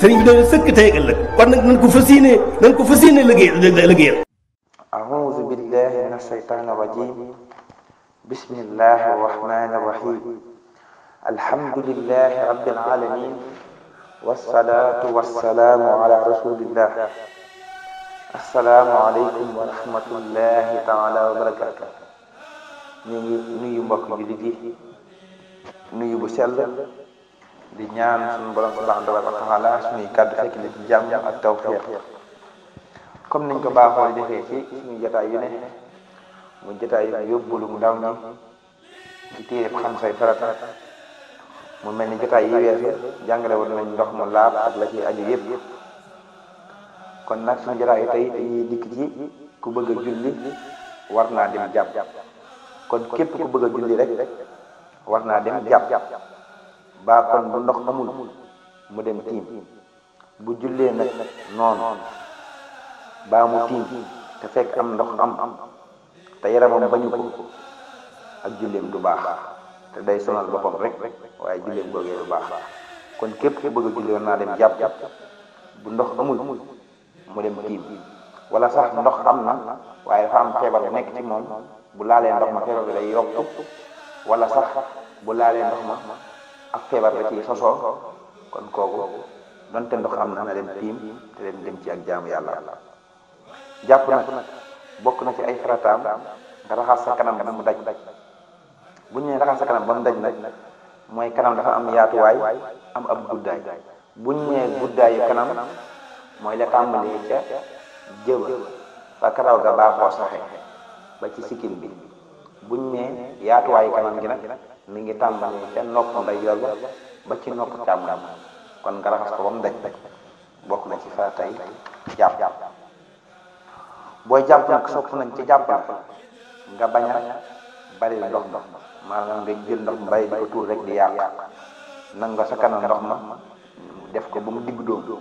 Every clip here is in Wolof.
sëriñ bi dana sëkk tey ëllëg kon nag nañ ko fas yéene nañ ko fas yéene liggéey liggéeyal aoudu billahi min ashaytani rajim bismillahi arrahmani arrahim alhamdulillahi rabbil alamin wassalatu wassalaamu ala rasulillah assalaamu aleykum wa rahmatullahi taala wa barakatu ñu ngi nuyu mbokk jullit yi nuyu bu sell di ñaan suñu borom subhanahu wa taala suñuy kàddu fekk li ci jàmm ak tawfiq comme niñ ko baaxoo defee ci suñu jotaay yu ne mu jotaay yu yóbbalu mu xam say mu mel ni jotaay yi weesu jàngale woon nañ ndox mu laab ak la ci aju yëpp kon nag suñu jotaay yu tey dañuy dikk ku bëgg julli war naa dem jàpp kon képp ku bëgg julli rek war naa dem jàpp baa kon bu ndox amul mu dem tiim bu jullee nag noonu baa mu tiim te fekk am ndox am te yaramam bañu ko ak julleem du baax te day sonal boppam rek waaye julleem googee du baax kon képp ku bëgg a julli war naa dem jàpp bu ndox amul mu dem tiim wala sax ndox am na waaye dafa feebar bu nekk ci moom bu laalee ndox ma feebar bi day yokk wala sax bu laalee ndox ma ak feebar la ci sosoo kon kooku donte ndox am na na dem tiim te dem ci ak jaamu yàlla jàpp nag bokk na ci ay farataam nga raxas sa kanam ba mu daj bu ñu nee raxas sa kanam ba mu daj nag mooy kanam dafa am yaatuwaay am ab guddaay bu ñu nee guddaayu kanam mooy la tàmbalee ca jëba fa karaw ga baaxoo saxe ba ci sikkin bi bu ñu yaatuwaay yaatuwaayu kanam gi nag mi ngi tàmbalee ca nopp ndeyjoor ba ba ci nopp kon nga raxas ko ba mu daj bokk na ci faratay jàpp booy jàpp nag sopp nañ ci jàpp nga bañ a bari ndox ndox maanaam nga jël ndox mu bari di ko tuur rek di yàq nang nga sa kanam ndox ma def ko ba mu digg dóom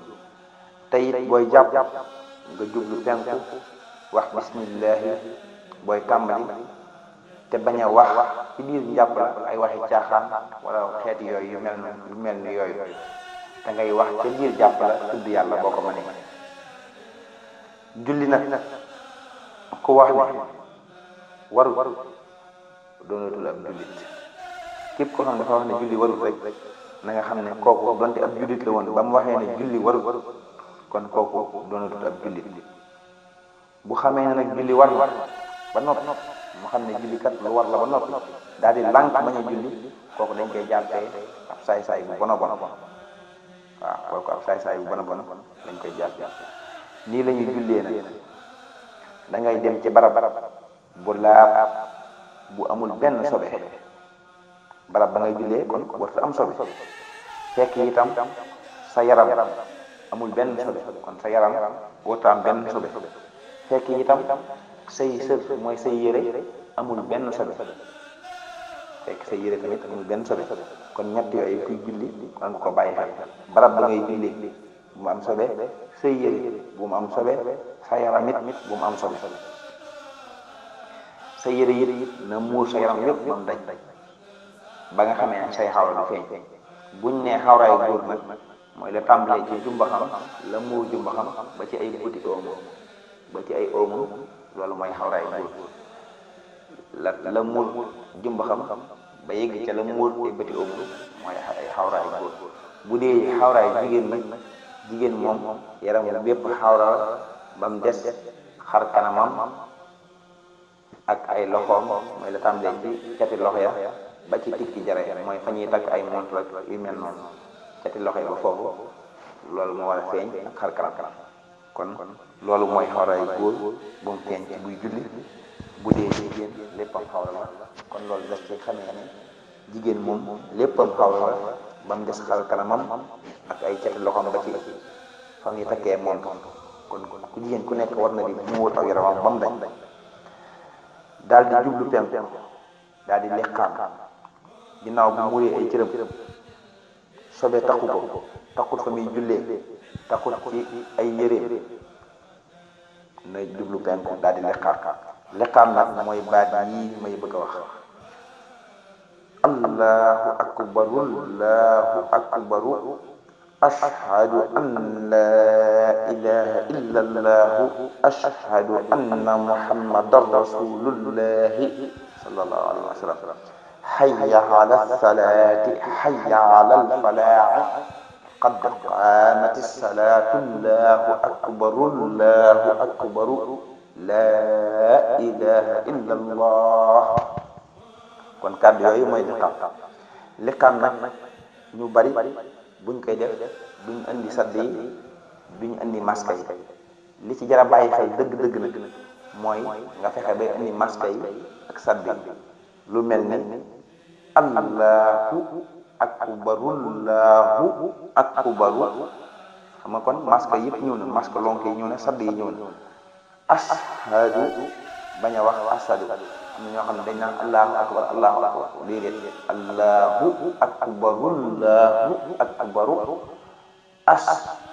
te booy jàpp nga jublu penku wax bismillahi booy tàmbali te bañ a wax ci biir njàpp la ay waxi caaxaan wala xeet yooyu yu mel mel ni yooyu da ngay wax ca biir jàpp la tudd yàlla boo ko mënee julli nag ku wax ni waru doonatul ab jullit képp ko xam dafa wax ne julli warul na xam ne kooku donte ab jullit la woon ba mu waxee ne julli warul kon kooku doonatul ab jullit bu xamee ne nag julli war war ba noppi mu xam ne julli kat lu war la ba noppi daal kooku dañ koy jàppee ab saay-saay bu bon ab saay-saay bu bon a bon dañ koy jàppee nii la ñuy jullee nag da dem ci barab barab bu laab bu amul benn sobe barab ba ngay jullee kon warta am sobe fekk itam sa yaram amul benn sobe kon sa yaram warta benn sobe fekk itam say sër mooy say yére amul benn sobe fekk say yére tamit amul benn sobe kon ñett yooyu kuy julli war ko bàyyi xel barab ba ngay julli bu mu am sobe say yére bu am sobe sa yaram it bu mu am sobe sa yére it na muur sa yaram yëpp moom daj ba nga xamee ne say xawra du feeñ buñ ne xawraayu góor nag mooy la tàmbalee ci jumba xam la muur jumba xam ba ci ay buti oomo ba ci ay oomo loolu mooy xawraay góor la la muur jumba ba yegg ca la muur te bëti ëmb mooy xawraay góor bu dee xawraay jigéen nag jigéen moom yaram bépp xawra ba mu des xar kanamam ak ay loxoom mooy la tàmbalee ci cati loxo ya ba ci tikki jare mooy fa ñuy takk ay montre yu mel noonu cati loxo ya ba foofu loolu moo war a feeñ ak xar kanam kon loolu mooy xawraay góor bu mu feeñ buy julli bu dee jigéen léppam xawra kon loolu daf ci xamee ne jigéen moom léppam xawra la ba mu des xar kanamam ak ay cati loxoom ba ci fa muy takkee moom kon ku jigéen ku nekk war na di muur aw yaramam ba mu dañ daal di jublu penk daal di lekkaam ginnaaw bu muuree ay cërëm sobe takku ko takkut fa jullee takkul ci ay yére na jublu penku daal di liqaam liqaam nag mooy baat yii may bëgg a wax allahu akbaru allahu akbaru ashhadu an laa ilaha illa allahu ashhadu anna muhammadan rasulullahi sallallahu alayhi wa sallam hayya ala salaati hayya ala alfalaahi قد قامت الصلاة الله أكبر الله أكبر لا إله إلا الله kon kàddu yooyu mooy liqaam liqaam nag ñu bari buñ koy def duñ indi sadd yi duñ li ci jar a bàyyi xel dëgg-dëgg nag mooy nga fexe bay indi masque ak sadd lu mel ni allahu akbarullaahu akbaru xam nga kon masque yëpp ñëw na masque lonk yi ñëw na sadd yi ñëw na ashadu bañ a wax ashadu am na ñoo xam ne dañ naan allahu akbar allahu akbar déedéet allahu akbarullaahu akbaru as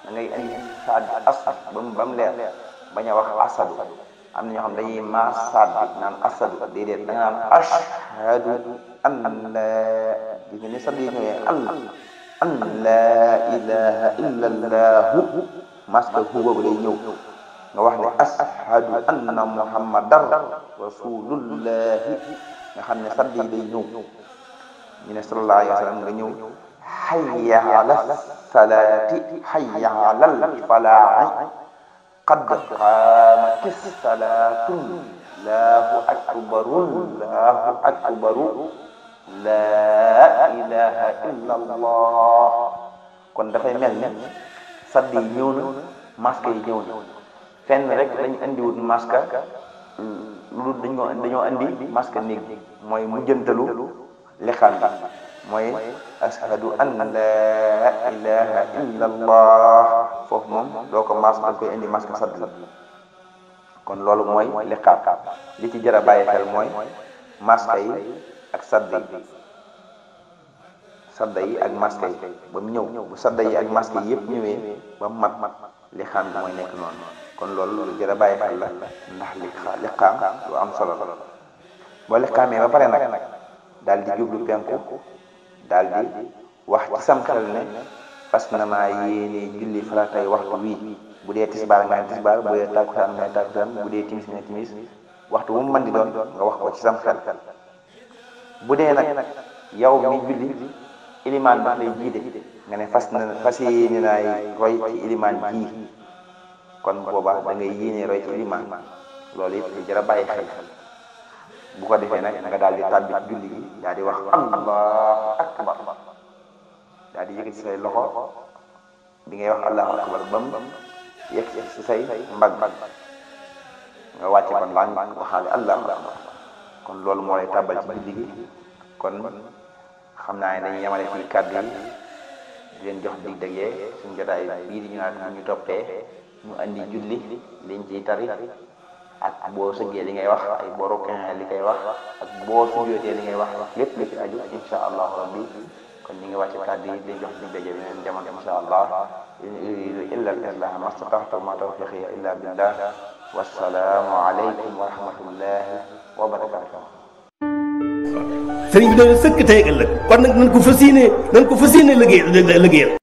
da ngay indi sadd as ba mu ba mu leer bañ a wax ashadu am na ñoo xam dañuy maa sadd naan ashadu déedéet da naan ashadu an diggante sax yi ñëwee allah allah laa ilaha illa allahu masque huwa boobu day ñëw nga wax ne ashadu anna muhammadan rasulullahi nga xam ne sax yi day ñëw ñu ne sallallahu alayhi wa sallam nga ñëw hayya ala salaati hayya ala falaahi qad qaamati salaatun laahu akbarun laahu akbaru laa ilaha illa kon dafay mel ni sadd yi ñëw na masque yi ñëw na fenn rek lañ indiwut masque mm, lu dañoo dañoo indi masque néeg mooy mujjantalu lexaan mooy ashadu an laa ilaha illa foofu moom doo ko masque koy indi masque sadd la kon loolu mooy lexaan li ci jar a bàyyi xel mooy masque yi ak sadda yi sadda yi ak masque yi ba mu ñëw bu sadda yi ak masque yi yëpp ñëwee ba mu mat mat li xaam mooy nekk noonu kon loolu lu jërë bàyyi xel la ndax li lu am solo la boo li ba pare nag daal di jublu penku daal di wax ci sam xel ne fas na maa yéenee julli faratay waxtu wii bu dee tisbaar nga ne tisbaar bu dee tàkkusaan nga ne tàkkusaan bu dee timis nga ne timis waxtu wu man mën di doon nga wax ko ci sam xel bu dee nag yow mi julli ilimaan ba lay jiite nga ne fas na fas yéene naay roy ci ilimaan jii kon boobaa da ngay yéene roy ci ilimaan loolu yëpp lu jar a bàyyi xel ko defee nag nga daal di tàbbi ci julli gi daal di wax allahu akbar daal di yëkkati say loxo bi ngay wax allahu akbar bam yëkkati si say mbagg nga wàcce kon laa ngi waxaale allahu akbar kon loolu moo lay tàbbal ci guddi gi kon xam naa ne dañuy yemale fii kàddu jox dig dëggee suñ jotaay bii ñu naan ñu toppee ñu andi julli liñ ciy tari ak boo sëggee li ngay wax ay boo rokkee li ngay wax ak boo sujootee li ngay wax lépp lépp aju insha allah rabbi kon ñu ngi wax kàddu yi di jox dig dëggee beneen jamono insha allah in uridu illa al-islaha ma stata'tu wa ma tawfiqi illa billah wassalaamu alaykum wa wa barakaatuh. sëriñ bi de i tey ëllëg kon nag nañ ko fas yéene nañ ko fas yéene liggéey liggéeyal